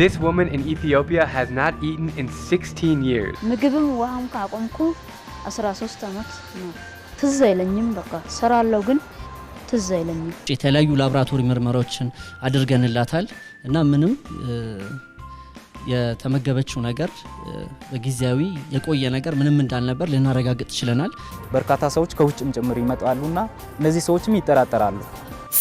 This woman in Ethiopia has not eaten in 16 years. ምግብም ውሃም ካቆምኩ 13 ዓመት ነው። ትዝ አይለኝም። በቃ ሰራለው ግን ትዝ አይለኝም። የተለያዩ ላብራቶሪ ምርመራዎችን አድርገንላታል እና ምንም የተመገበችው ነገር በጊዜያዊ የቆየ ነገር ምንም እንዳልነበር ልናረጋግጥ ችለናል። በርካታ ሰዎች ከውጭም ጭምር ይመጣሉና እነዚህ ሰዎችም ይጠራጠራሉ።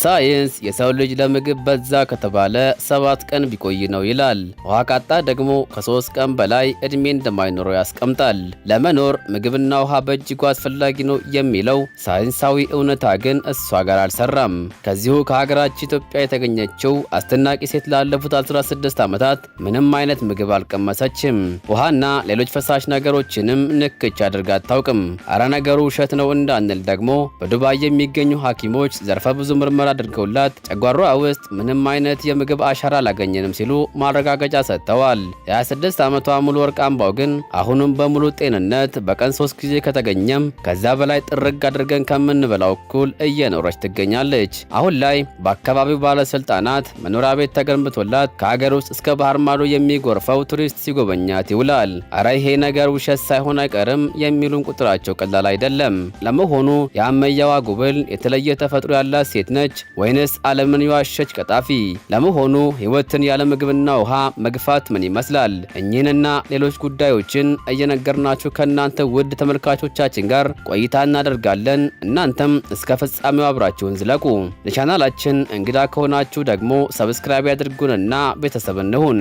ሳይንስ የሰው ልጅ ለምግብ በዛ ከተባለ ሰባት ቀን ቢቆይ ነው ይላል። ውሃ ካጣ ደግሞ ከሶስት ቀን በላይ እድሜ እንደማይኖረው ያስቀምጣል። ለመኖር ምግብና ውሃ በእጅጉ አስፈላጊ ነው የሚለው ሳይንሳዊ እውነታ ግን እሷ ጋር አልሰራም። ከዚሁ ከሀገራችን ኢትዮጵያ የተገኘችው አስደናቂ ሴት ላለፉት 16 ዓመታት ምንም አይነት ምግብ አልቀመሰችም። ውሃና ሌሎች ፈሳሽ ነገሮችንም ንክች አድርጋ አታውቅም። አረ ነገሩ ውሸት ነው እንዳንል ደግሞ በዱባይ የሚገኙ ሐኪሞች ዘርፈ ብዙ ምርመ ምርመራ አድርገውላት ጨጓሯ ውስጥ ምንም አይነት የምግብ አሻራ አላገኘንም ሲሉ ማረጋገጫ ሰጥተዋል። የ26 ዓመቷ ሙሉ ወርቅ አምባው ግን አሁንም በሙሉ ጤንነት በቀን ሶስት ጊዜ ከተገኘም ከዛ በላይ ጥርግ አድርገን ከምንበላው እኩል እየኖረች ትገኛለች። አሁን ላይ በአካባቢው ባለስልጣናት መኖሪያ ቤት ተገንብቶላት ከሀገር ውስጥ እስከ ባህር ማዶ የሚጎርፈው ቱሪስት ሲጎበኛት ይውላል። አረ ይሄ ነገር ውሸት ሳይሆን አይቀርም የሚሉን ቁጥራቸው ቀላል አይደለም። ለመሆኑ የአመያዋ ጉብል የተለየ ተፈጥሮ ያላት ሴት ነች ነች ወይንስ ዓለምን የዋሸች ቀጣፊ? ለመሆኑ ሕይወትን ያለ ምግብና ውሃ መግፋት ምን ይመስላል? እኚህንና ሌሎች ጉዳዮችን እየነገርናችሁ ከእናንተ ውድ ተመልካቾቻችን ጋር ቆይታ እናደርጋለን። እናንተም እስከ ፍጻሜው አብራችሁን ዝለቁ። ለቻናላችን እንግዳ ከሆናችሁ ደግሞ ሰብስክራይብ ያድርጉንና ቤተሰብ እንሁን።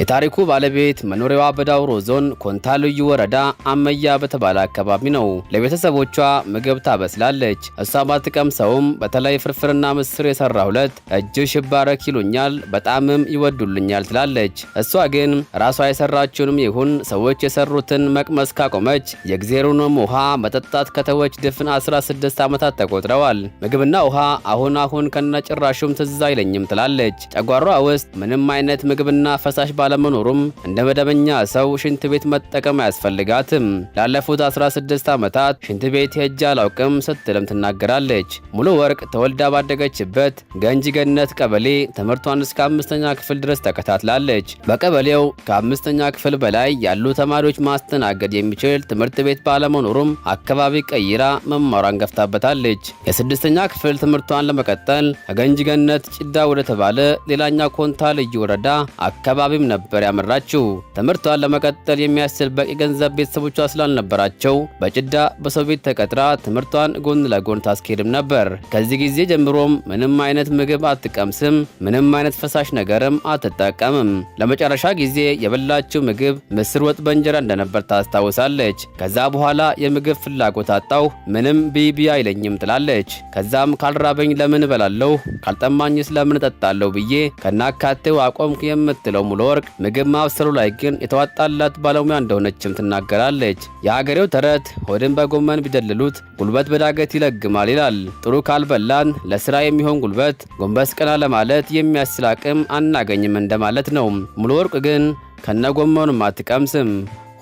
የታሪኩ ባለቤት መኖሪያዋ በዳውሮ ዞን ኮንታ ልዩ ወረዳ አመያ በተባለ አካባቢ ነው። ለቤተሰቦቿ ምግብ ታበስላለች፣ እሷ ባትቀምሰውም በተለይ ፍርፍርና ምስር የሰራ ሁለት እጅሽ ይባረክ ይሉኛል፣ በጣምም ይወዱልኛል ትላለች። እሷ ግን ራሷ የሰራችውንም ይሁን ሰዎች የሰሩትን መቅመስ ካቆመች የእግዜሩንም ውሃ መጠጣት ከተወች ድፍን 16 ዓመታት ተቆጥረዋል። ምግብና ውሃ አሁን አሁን ከነጭራሹም ትዝ አይለኝም ትላለች። ጨጓሯ ውስጥ ምንም አይነት ምግብና ፈሳሽ ባ ባለመኖሩም እንደ መደበኛ ሰው ሽንት ቤት መጠቀም አያስፈልጋትም። ላለፉት 16 ዓመታት ሽንት ቤት ሄጄ አላውቅም ስትልም ትናገራለች። ሙሉ ወርቅ ተወልዳ ባደገችበት ገንጂ ገነት ቀበሌ ትምህርቷን እስከ አምስተኛ ክፍል ድረስ ተከታትላለች። በቀበሌው ከአምስተኛ ክፍል በላይ ያሉ ተማሪዎች ማስተናገድ የሚችል ትምህርት ቤት ባለመኖሩም አካባቢ ቀይራ መማሯን ገፍታበታለች። የስድስተኛ ክፍል ትምህርቷን ለመቀጠል ከገንጂ ገነት ጭዳ ወደተባለ ሌላኛ ኮንታ ልዩ ወረዳ አካባቢም ነበር ነበር ያመራችው። ትምህርቷን ለመቀጠል የሚያስችል በቂ ገንዘብ ቤተሰቦቿ ስላልነበራቸው በጭዳ በሰው ቤት ተቀጥራ ትምህርቷን ጎን ለጎን ታስኬድም ነበር። ከዚህ ጊዜ ጀምሮም ምንም አይነት ምግብ አትቀምስም፣ ምንም አይነት ፈሳሽ ነገርም አትጠቀምም። ለመጨረሻ ጊዜ የበላችው ምግብ ምስር ወጥ በእንጀራ እንደነበር ታስታውሳለች። ከዛ በኋላ የምግብ ፍላጎት አጣሁ፣ ምንም ቢቢ አይለኝም ትላለች። ከዛም ካልራበኝ ለምን እበላለሁ፣ ካልጠማኝስ ለምን እጠጣለሁ ብዬ ከናካቴው አቆምኩ የምትለው ሙሉ ወርቅ ምግብ ማብሰሉ ላይ ግን የተዋጣላት ባለሙያ እንደሆነችም ትናገራለች። የአገሬው ተረት ሆድን በጎመን ቢደልሉት ጉልበት በዳገት ይለግማል ይላል። ጥሩ ካልበላን ለስራ የሚሆን ጉልበት ጎንበስ ቀና ለማለት የሚያስችል አቅም አናገኝም እንደማለት ነው። ሙሉ ወርቅ ግን ከነ ጎመኑም አትቀምስም።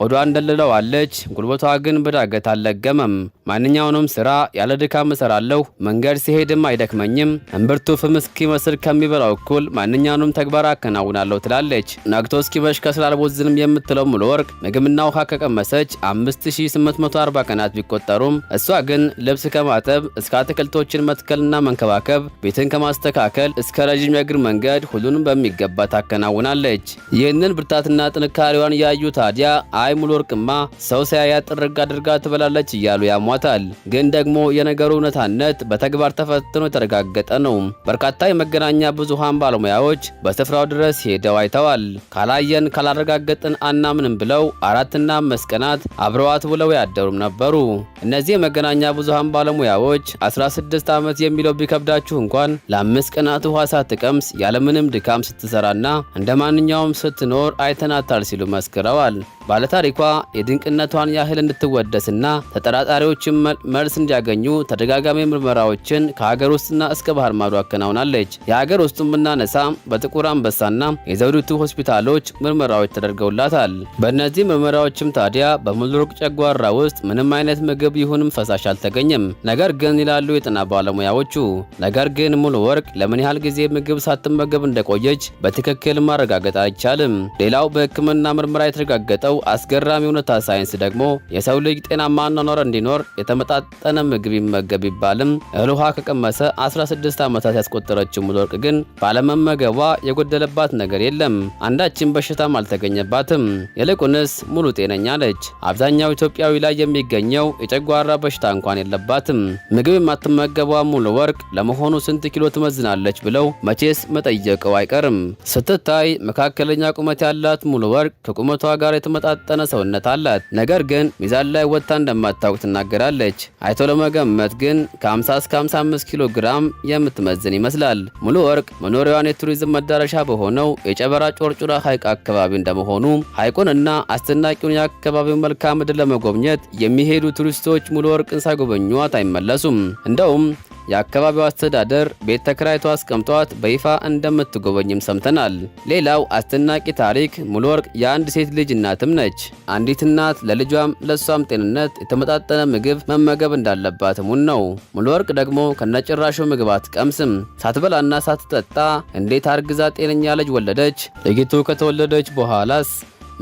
ሆዷ እንደልለዋለች፣ ጉልበቷ ግን በዳገት አልለገመም። ማንኛውንም ስራ ያለ ድካም እሰራለሁ። መንገድ ሲሄድም አይደክመኝም። እምብርቱ ፍም እስኪመስል ከሚበላው እኩል ማንኛውንም ተግባር አከናውናለሁ ትላለች። ነግቶ እስኪመሽ ከስራ አልቦዝንም የምትለው ሙሉ ወርቅ ምግብና ውሃ ከቀመሰች 5840 ቀናት ቢቆጠሩም እሷ ግን ልብስ ከማጠብ እስከ አትክልቶችን መትከልና መንከባከብ፣ ቤትን ከማስተካከል እስከ ረዥም የእግር መንገድ ሁሉንም በሚገባ ታከናውናለች። ይህንን ብርታትና ጥንካሬዋን ያዩ ታዲያ አይ ሙሉ ወርቅማ ሰው ሳያያ ጥርግ አድርጋ ትበላለች እያሉ ያሟ ተሰምቷታል። ግን ደግሞ የነገሩ እውነታነት በተግባር ተፈትኖ የተረጋገጠ ነው። በርካታ የመገናኛ ብዙሃን ባለሙያዎች በስፍራው ድረስ ሄደው አይተዋል። ካላየን ካላረጋገጥን አናምንም ብለው አራትና አምስት ቀናት አብረዋት ውለው ያደሩም ነበሩ። እነዚህ የመገናኛ ብዙሃን ባለሙያዎች 16 ዓመት የሚለው ቢከብዳችሁ እንኳን ለአምስት ቀናት ውሃ ሳትቀምስ ያለምንም ድካም ስትሰራና እንደ ማንኛውም ስትኖር አይተናታል ሲሉ መስክረዋል። ባለታሪኳ የድንቅነቷን ያህል እንድትወደስና ተጠራጣሪዎች ጥያቄዎችን መልስ እንዲያገኙ ተደጋጋሚ ምርመራዎችን ከሀገር ውስጥና እስከ ባህር ማዶ አከናውናለች። የሀገር ውስጡን ብናነሳ በጥቁር አንበሳና የዘውዲቱ ሆስፒታሎች ምርመራዎች ተደርገውላታል። በእነዚህ ምርመራዎችም ታዲያ በሙሉሩቅ ጨጓራ ውስጥ ምንም አይነት ምግብ ይሁንም ፈሳሽ አልተገኘም። ነገር ግን ይላሉ የጤና ባለሙያዎቹ፣ ነገር ግን ሙሉ ወርቅ ለምን ያህል ጊዜ ምግብ ሳትመገብ እንደቆየች በትክክል ማረጋገጥ አይቻልም። ሌላው በሕክምና ምርመራ የተረጋገጠው አስገራሚ እውነታ ሳይንስ ደግሞ የሰው ልጅ ጤናማ አኗኗር እንዲኖር የተመጣጠነ ምግብ ይመገብ ቢባልም እህል ውሃ ከቀመሰ 16 ዓመታት ያስቆጠረችው ሙሉወርቅ ግን ባለመመገቧ የጎደለባት ነገር የለም፣ አንዳችን በሽታም አልተገኘባትም። ይልቁንስ ሙሉ ጤነኛ ነች። አብዛኛው ኢትዮጵያዊ ላይ የሚገኘው የጨጓራ በሽታ እንኳን የለባትም። ምግብ የማትመገቧ ሙሉ ወርቅ ለመሆኑ ስንት ኪሎ ትመዝናለች ብለው መቼስ መጠየቀው አይቀርም። ስትታይ መካከለኛ ቁመት ያላት ሙሉ ወርቅ ከቁመቷ ጋር የተመጣጠነ ሰውነት አላት። ነገር ግን ሚዛን ላይ ወጥታ እንደማታውቅ ትናገራል። ትመስላለች። አይቶ ለመገመት ግን ከ50 እስከ 55 ኪሎ ግራም የምትመዝን ይመስላል። ሙሉ ወርቅ መኖሪያዋን የቱሪዝም መዳረሻ በሆነው የጨበራ ጮርጩራ ሐይቅ አካባቢ እንደመሆኑ ሐይቁንና አስደናቂውን የአካባቢውን መልክዓ ምድር ለመጎብኘት የሚሄዱ ቱሪስቶች ሙሉ ወርቅን ሳይጎበኟት አይመለሱም። እንደውም የአካባቢው አስተዳደር ቤት ተከራይቶ አስቀምጧት በይፋ እንደምትጎበኝም ሰምተናል። ሌላው አስደናቂ ታሪክ ሙሉ ወርቅ የአንድ ሴት ልጅ እናትም ነች። አንዲት እናት ለልጇም ለሷም ጤንነት የተመጣጠነ ምግብ መመገብ እንዳለባትም ነው። ሙሉ ወርቅ ደግሞ ከነጭራሹ ምግብ አትቀምስም። ሳትበላና ሳትጠጣ እንዴት አርግዛ ጤነኛ ልጅ ወለደች? ልጅቱ ከተወለደች በኋላስ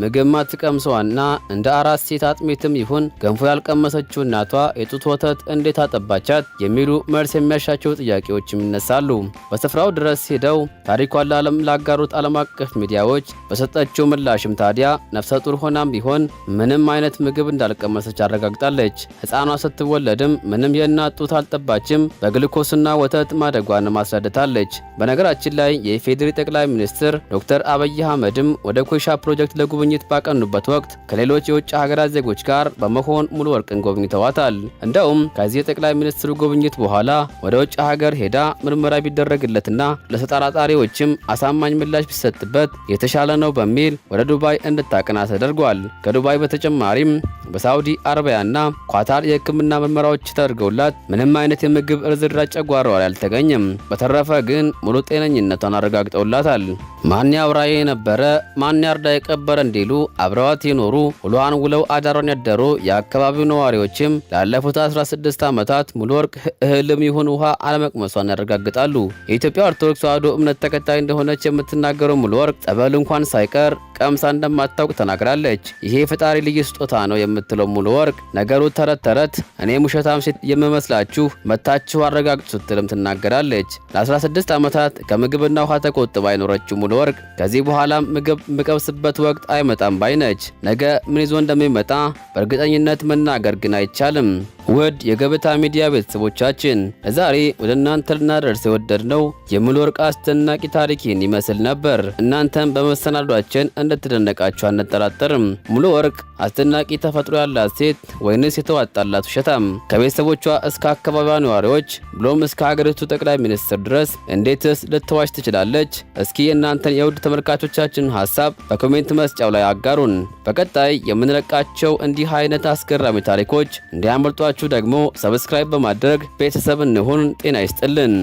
ምግብ ማትቀምሰዋና እንደ አራት ሴት አጥሜትም ይሁን ገንፎ ያልቀመሰችው እናቷ የጡት ወተት እንዴት አጠባቻት የሚሉ መልስ የሚያሻቸው ጥያቄዎችም ይነሳሉ። በስፍራው ድረስ ሄደው ታሪኳን ለዓለም ላጋሩት ዓለም አቀፍ ሚዲያዎች በሰጠችው ምላሽም ታዲያ ነፍሰ ጡር ሆናም ቢሆን ምንም አይነት ምግብ እንዳልቀመሰች አረጋግጣለች። ሕፃኗ ስትወለድም ምንም የእናት ጡት አልጠባችም፣ በግልኮስና ወተት ማደጓን ማስረድታለች። በነገራችን ላይ የኢፌዴሪ ጠቅላይ ሚኒስትር ዶክተር አብይ አህመድም ወደ ኮይሻ ፕሮጀክት ለጉብ ጉብኝት ባቀኑበት ወቅት ከሌሎች የውጭ ሀገራት ዜጎች ጋር በመሆን ሙሉ ወርቅን ጎብኝተዋታል። እንደውም ከዚህ የጠቅላይ ሚኒስትሩ ጉብኝት በኋላ ወደ ውጭ ሀገር ሄዳ ምርመራ ቢደረግለትና ለተጠራጣሪዎችም አሳማኝ ምላሽ ቢሰጥበት የተሻለ ነው በሚል ወደ ዱባይ እንድታቅና ተደርጓል። ከዱባይ በተጨማሪም በሳውዲ አረቢያና ኳታር የሕክምና ምርመራዎች ተደርገውላት ምንም አይነት የምግብ እርዝራጭ ጨጓራዋ ላይ አልተገኘም። በተረፈ ግን ሙሉ ጤነኝነቷን አረጋግጠውላታል። ማን ያውራዬ የነበረ ማን ያርዳ የቀበረ እንዲሉ አብረዋት የኖሩ ውሏን ውለው አዳሯን ያደሩ የአካባቢው ነዋሪዎችም ላለፉት 16 ዓመታት ሙሉ ወርቅ እህልም ይሁን ውሃ አለመቅመሷን ያረጋግጣሉ። የኢትዮጵያ ኦርቶዶክስ ተዋሕዶ እምነት ተከታይ እንደሆነች የምትናገረው ሙሉ ወርቅ ጠበል እንኳን ሳይቀር ቀምሳ እንደማታውቅ ተናግራለች። ይሄ ፈጣሪ ልዩ ስጦታ ነው የምትለው ሙሉ ወርቅ ነገሩ ተረት ተረት እኔ ውሸታም ሴት የምመስላችሁ መታችሁ አረጋግጡ ስትልም ትናገራለች። ለ16 ዓመታት ከምግብና ውሃ ተቆጥባ አይኖረችው ሙሉ ወርቅ ከዚህ በኋላም ምግብ የምቀብስበት ወቅት አይመጣም ባይነች። ነገ ምን ይዞ እንደሚመጣ በእርግጠኝነት መናገር ግን አይቻልም። ውድ የገበታ ሚዲያ ቤተሰቦቻችን ዛሬ ወደ እናንተ ልናደርስ የወደድነው የሙሉ ወርቅ አስደናቂ ታሪክን ይመስል ነበር። እናንተም በመሰናዷችን እንደተደነቃችሁ አንጠራጠርም። ሙሉ ወርቅ አስደናቂ ተፈጥሮ ያላት ሴት ወይንስ የተዋጣላት ውሸታም? ከቤተሰቦቿ እስከ አካባቢዋ ነዋሪዎች ብሎም እስከ ሀገሪቱ ጠቅላይ ሚኒስትር ድረስ እንዴትስ ልትዋሽ ትችላለች? እስኪ እናንተን የውድ ተመልካቾቻችን ሀሳብ በኮሜንት መስጫው ላይ አጋሩን። በቀጣይ የምንለቃቸው እንዲህ አይነት አስገራሚ ታሪኮች እንዲያመልጧ ያላችሁ ደግሞ ሰብስክራይብ በማድረግ ቤተሰብ እንሆን ጤና ይስጥልን።